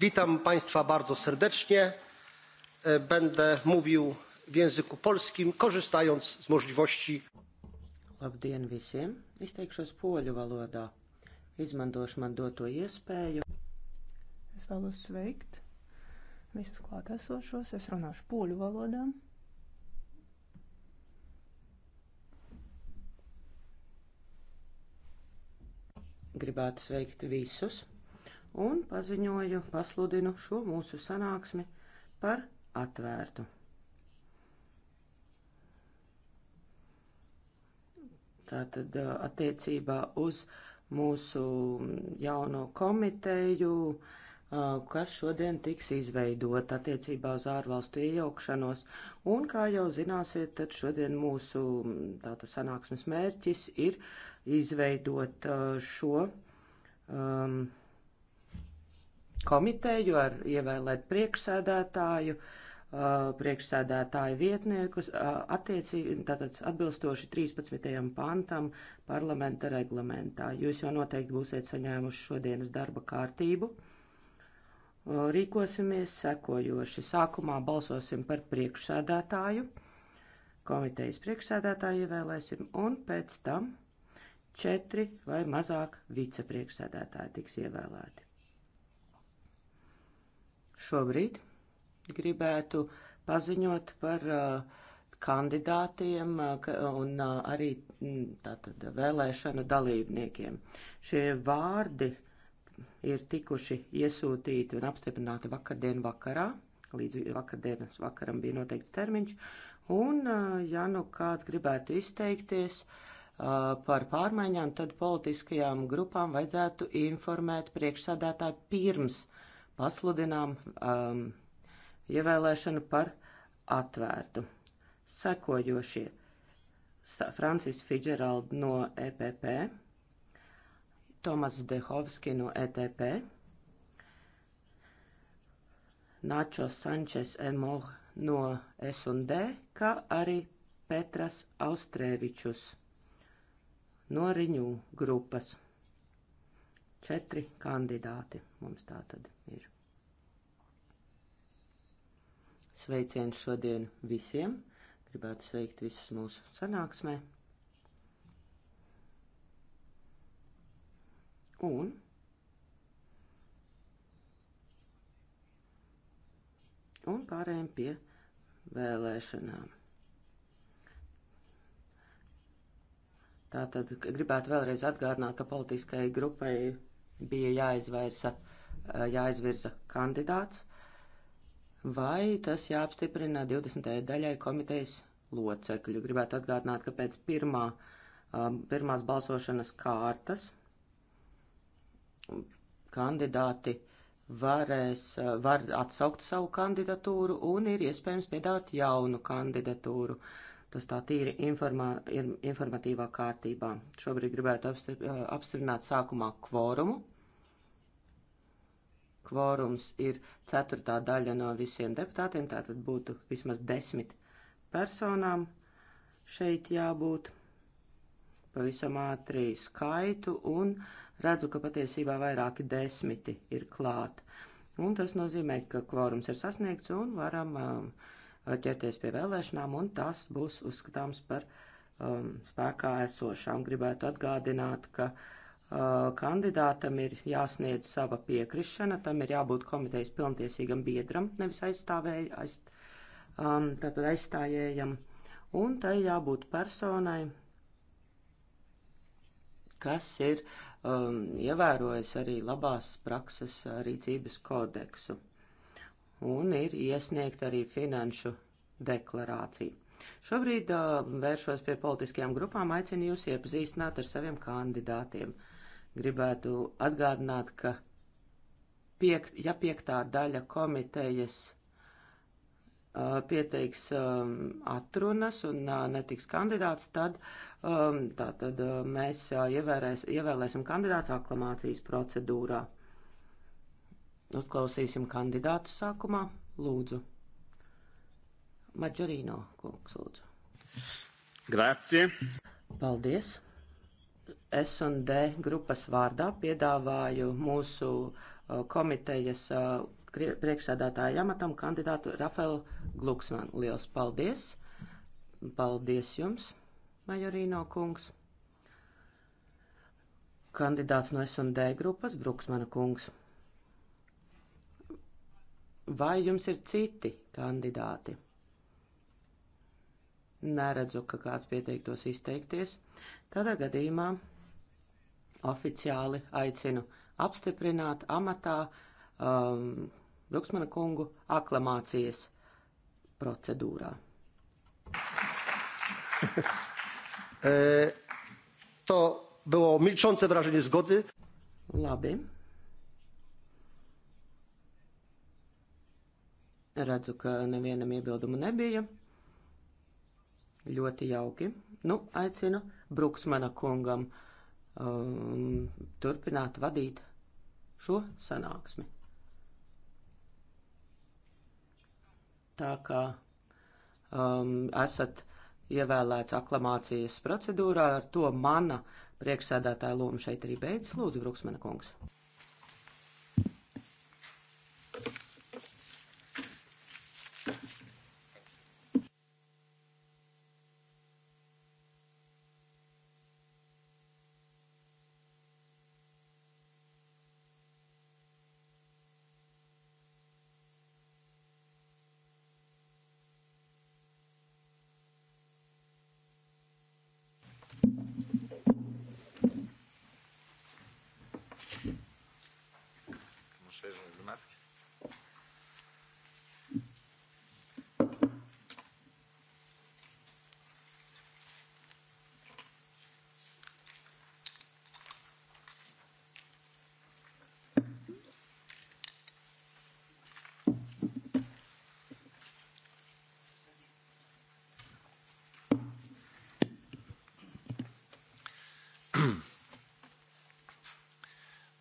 witam państwa bardzo serdecznie. E, będę mówił w języku polskim korzystając z możliwości. Labdien visiem! Izteikšos poļu valodā. Izmantošu man doto iespēju. Es vēlos sveikt visus klātesošos. Es runāšu poļu valodā. Gribētu sveikt visus, un paziņoju, pasludinu šo mūsu sanāksmi par atvērtu. Tātad attiecībā uz mūsu jauno komiteju, kas šodien tiks izveidot attiecībā uz ārvalstu iejaukšanos. Un, kā jau zināsiet, tad šodien mūsu tātad sanāksmes mērķis ir izveidot šo um, komiteju, var ievēlēt priekšsēdētāju, uh, priekšsēdētāju vietniekus, uh, attiecīgi, tātad atbilstoši 13. pantam parlamenta reglamentā. Jūs jau noteikti būsiet saņēmuši šodienas darba kārtību. Uh, rīkosimies sekojoši. Sākumā balsosim par priekšsēdētāju komitejas priekšsēdētāju ievēlēsim, un pēc tam četri vai mazāk vicepriekšsēdētāji tiks ievēlēti. Šobrīd gribētu paziņot par uh, kandidātiem uh, un uh, arī mm, tātad vēlēšanu dalībniekiem. Šie vārdi ir tikuši iesūtīti un apstiprināti vakardien vakarā, līdz vakardienas vakaram bija noteikts termiņš, un uh, ja nu kāds gribētu izteikties par pārmaiņām, tad politiskajām grupām vajadzētu informēt priekšsādātāju pirms uh, pasludinām um, ievēlēšanu par atvērtu. Sekojošie Francis Fitzgerald no EPP, Tomas Dehovski no ETP, Nacho Sančes Emor no S&D, kā arī Petras Austrēvičus no Riņū grupas četri kandidāti mums tā tad ir. Sveiciens šodien visiem. Gribētu sveikt visus mūsu sanāksmē. Un un pārējiem pie vēlēšanām. Tātad gribētu vēlreiz atgādināt, ka politiskai grupai bija jāizvirza, jāizvirza kandidāts, vai tas jāapstiprina 20. daļai komitejas locekļu. Gribētu atgādināt, ka pēc pirmā, pirmās balsošanas kārtas kandidāti varēs, var atsaukt savu kandidatūru un ir iespējams piedāvāt jaunu kandidatūru. Uh, Tas tā tīri informā, ir informatīvā kārtībā. Šobrīd gribētu apstri, eh, apstrināt sākumā kvorumu. Kvorums ir ceturtā daļa no visiem deputātiem, tātad būtu vismaz desmit personām šeit jābūt pavisam ātri skaitu un redzu, ka patiesībā vairāki desmiti ir klāt. Un tas nozīmē, ka kvorums ir sasniegts un varam uh, ķerties pie vēlēšanām, un tas būs uzskatāms par um, spēkā esošām. Gribētu atgādināt, ka uh, kandidātam ir jāsniedz sava piekrišana, tam ir jābūt komitejas pilntiesīgam biedram, nevis aizstāvēju, aiz, um, tātad aizstājējam, un tai jābūt personai, kas ir um, ievērojis arī labās prakses uh, rīcības kodeksu un ir iesniegta arī finanšu deklarācija. Šobrīd uh, vēršos pie politiskajām grupām, aicinu jūs iepazīstināt ar saviem kandidātiem. Gribētu atgādināt, ka piek, ja piektā daļa komitejas uh, pieteiks um, atrunas un uh, netiks kandidāts, tad, um, tā, tad uh, mēs uh, ievērēs, ievēlēsim kandidāts aklamācijas procedūrā. Uzklausīsim kandidātu sākumā. Lūdzu. Maģorīno kungs, lūdzu. Grācie. Paldies. S&D grupas vārdā piedāvāju mūsu uh, komitejas uh, priekšsēdētāja amatam kandidātu Rafaelu Gluksmanu. Liels paldies! Paldies jums, Majorīno kungs! Kandidāts no S&D grupas Bruksmana kungs. Vai jums ir citi kandidāti? Neredzu, ka kāds pieteiktos izteikties. Tādā gadījumā oficiāli aicinu apstiprināt amatā um, Bruksmana kungu aklamācijas procedūrā. E, to było milczące wrażenie zgody. Labi. Redzu, ka nevienam iebildumu nebija. Ļoti jauki. Nu, aicinu Bruksmana kungam um, turpināt vadīt šo sanāksmi. Tā kā um, esat ievēlēts aklamācijas procedūrā, ar to mana priekšsēdētāja loma šeit arī beidzas. Lūdzu, Bruksmana kungs.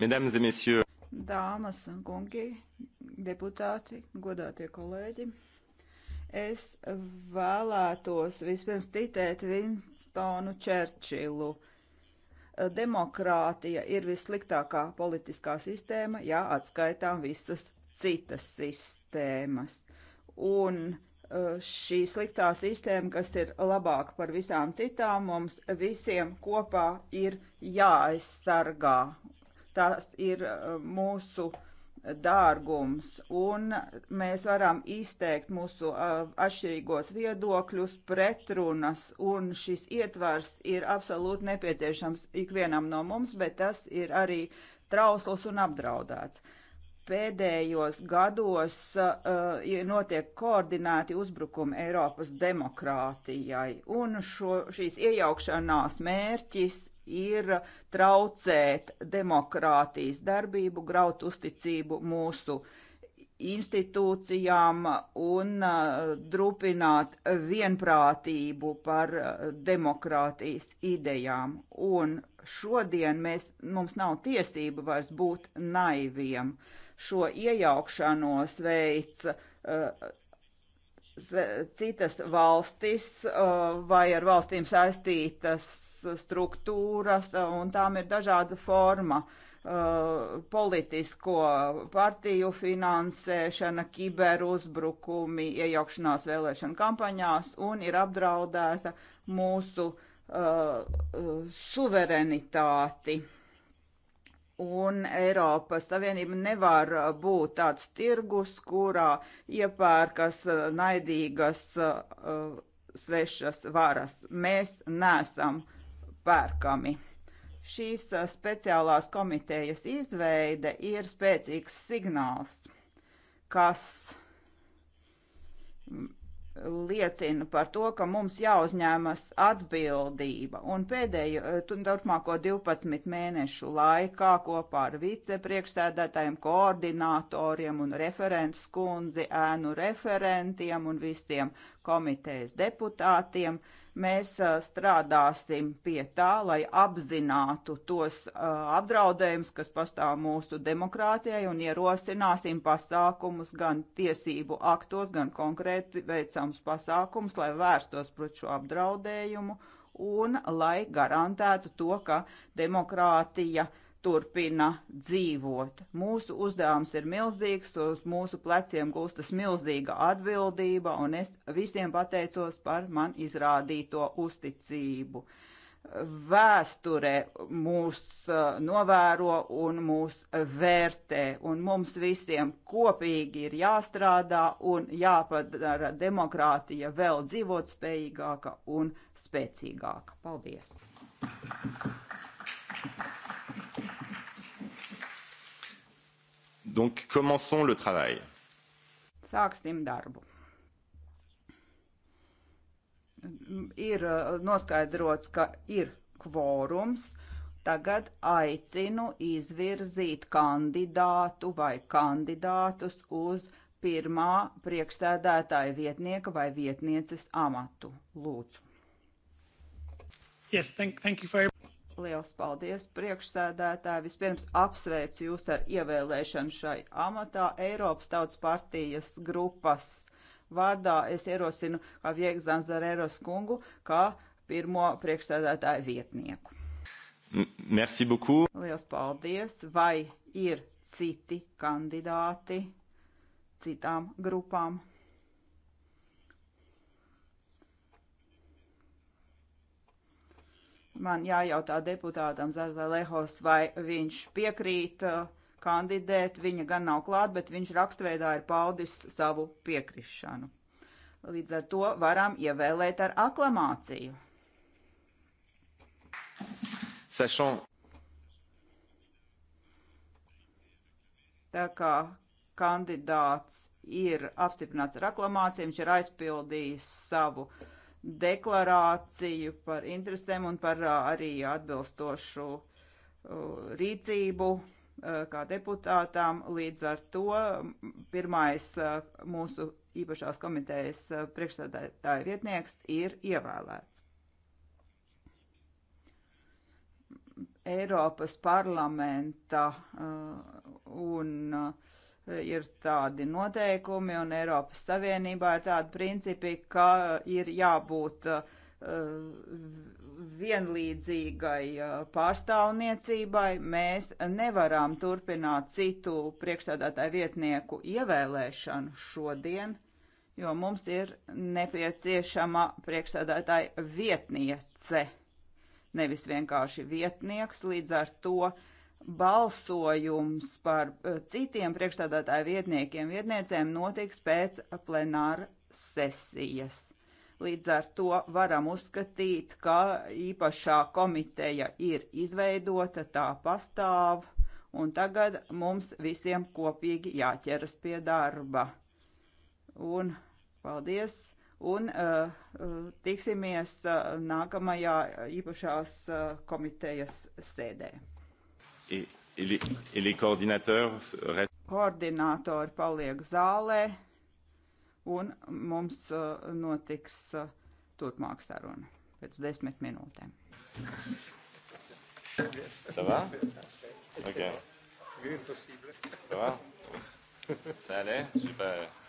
Mesdames et messieurs. Dāmas un kungi, deputāti, godātie kolēģi, es vēlētos vispirms citēt Winstonu Čerčilu. Demokrātija ir vissliktākā politiskā sistēma, ja atskaitām visas citas sistēmas. Un eh, šī sliktā sistēma, kas ir labāka par visām citām, mums visiem kopā ir jāaizsargā. Tas ir eh, mūsu dārgums, un mēs varam izteikt mūsu eh, atšķirīgos viedokļus, pretrunas, un šis ietvars ir absolūti nepieciešams ikvienam no mums, bet tas ir arī trausls un apdraudēts pēdējos gados uh, notiek koordinēti uzbrukumi Eiropas demokrātijai, un šo, šīs iejaukšanās mērķis ir traucēt demokrātijas darbību, graut uzticību mūsu institūcijām un drupināt vienprātību par demokrātijas idejām. Un šodien mēs, mums nav tiesība vairs būt naiviem. Šo iejaukšanos veids uh, citas valstis uh, vai ar valstīm saistītas struktūras, uh, un tām ir dažāda forma uh, politisko partiju finansēšana, kiberuzbrukumi, iejaukšanās vēlēšana kampaņās un ir apdraudēta mūsu uh, suverenitāti. Uh, Un Eiropas Savienība nevar būt tāds tirgus, kurā iepērkas naidīgas uh, svešas varas. Mēs nesam pērkami šīs uh, speciālās komitejas izveide ir spēcīgs signāls, kas liecina par to, ka mums jāuzņēmas atbildība. Un pēdējo, eh, turpmāko 12 mēnešu laikā kopā ar vicepriekšsēdētājiem, koordinatoriem un referentu skundzi, ēnu referentiem un visiem komitejas deputātiem uh, Mēs strādāsim pie tā, lai apzinātu tos apdraudējumus, kas pastāv mūsu demokrātijai, un ierosināsim pasākumus gan tiesību aktos, gan konkrēti veicams pasākumus, lai vērstos pret šo apdraudējumu un lai garantētu to, ka demokrātija uh, turpina dzīvot. Mūsu uzdevums ir milzīgs, uz mūsu pleciem gulstas milzīga atbildība, un es visiem pateicos par man izrādīto uzticību. Vēsture mūs uh, novēro un mūs vērtē, un mums visiem kopīgi ir jāstrādā un jāpadara demokrātija vēl dzīvotspējīgāka un spēcīgāka. Paldies! Thank you. Donc, commençons le travail. Sāksim darbu. Ir uh, noskaidrots, ka ir kvorums. Tagad aicinu izvirzīt kandidātu vai kandidātus uz pirmā priekšsēdētāja vietnieka vai vietnieces amatu. Lūdzu. Yes, thank, thank you for... Liels paldies, priekšsēdētāji! Vispirms apsveicu jūs ar ievēlēšanu šai amatā Eiropas Tautas partijas grupas vārdā. Es ierosinu Havieku Zanzareros kungu kā pirmo priekšsēdētāju vietnieku. Merci beaucoup! Liels paldies! Vai ir citi kandidāti citām grupām? Man jājautā deputātam Zazalehos, vai viņš piekrīt uh, kandidēt. Viņa gan nav klāt, bet viņš rakstveidā ir paudis savu piekrišanu. Līdz ar to varam ievēlēt ar aklamāciju. Sachant. Tā kā kandidāts ir apstiprināts ar aklamāciju, viņš ir aizpildījis savu uh, deklarāciju par interesēm un par arī atbilstošu rīcību kā deputātām. Līdz ar to pirmais mūsu īpašās komitejas priekšstādātāja vietnieks ir ievēlēts. Eiropas parlamenta un uh, ir tādi noteikumi un Eiropas Savienībā ir tādi principi, ka ir jābūt uh, vienlīdzīgai uh, pārstāvniecībai. Mēs nevaram turpināt citu priekšsēdētāju vietnieku ievēlēšanu šodien, jo mums ir nepieciešama priekšsēdētāja vietniece, nevis vienkārši vietnieks, līdz ar to uh, balsojums par eh, citiem priekšstādātāju vietniekiem, vietniecēm notiks pēc plenāra sesijas. Līdz ar to varam uzskatīt, ka īpašā komiteja ir izveidota, tā pastāv, un tagad mums visiem kopīgi jāķeras pie darba. Un paldies! un uh, tiksimies uh, nākamajā īpašās uh, komitejas sēdē et, et, les, et les coordinateurs restent. Koordinātori paliek zālē un mums uh, notiks uh, turpmāk saruna pēc desmit minūtēm. Ça va? Ok. Ça va? Ça allait? Je sais pas.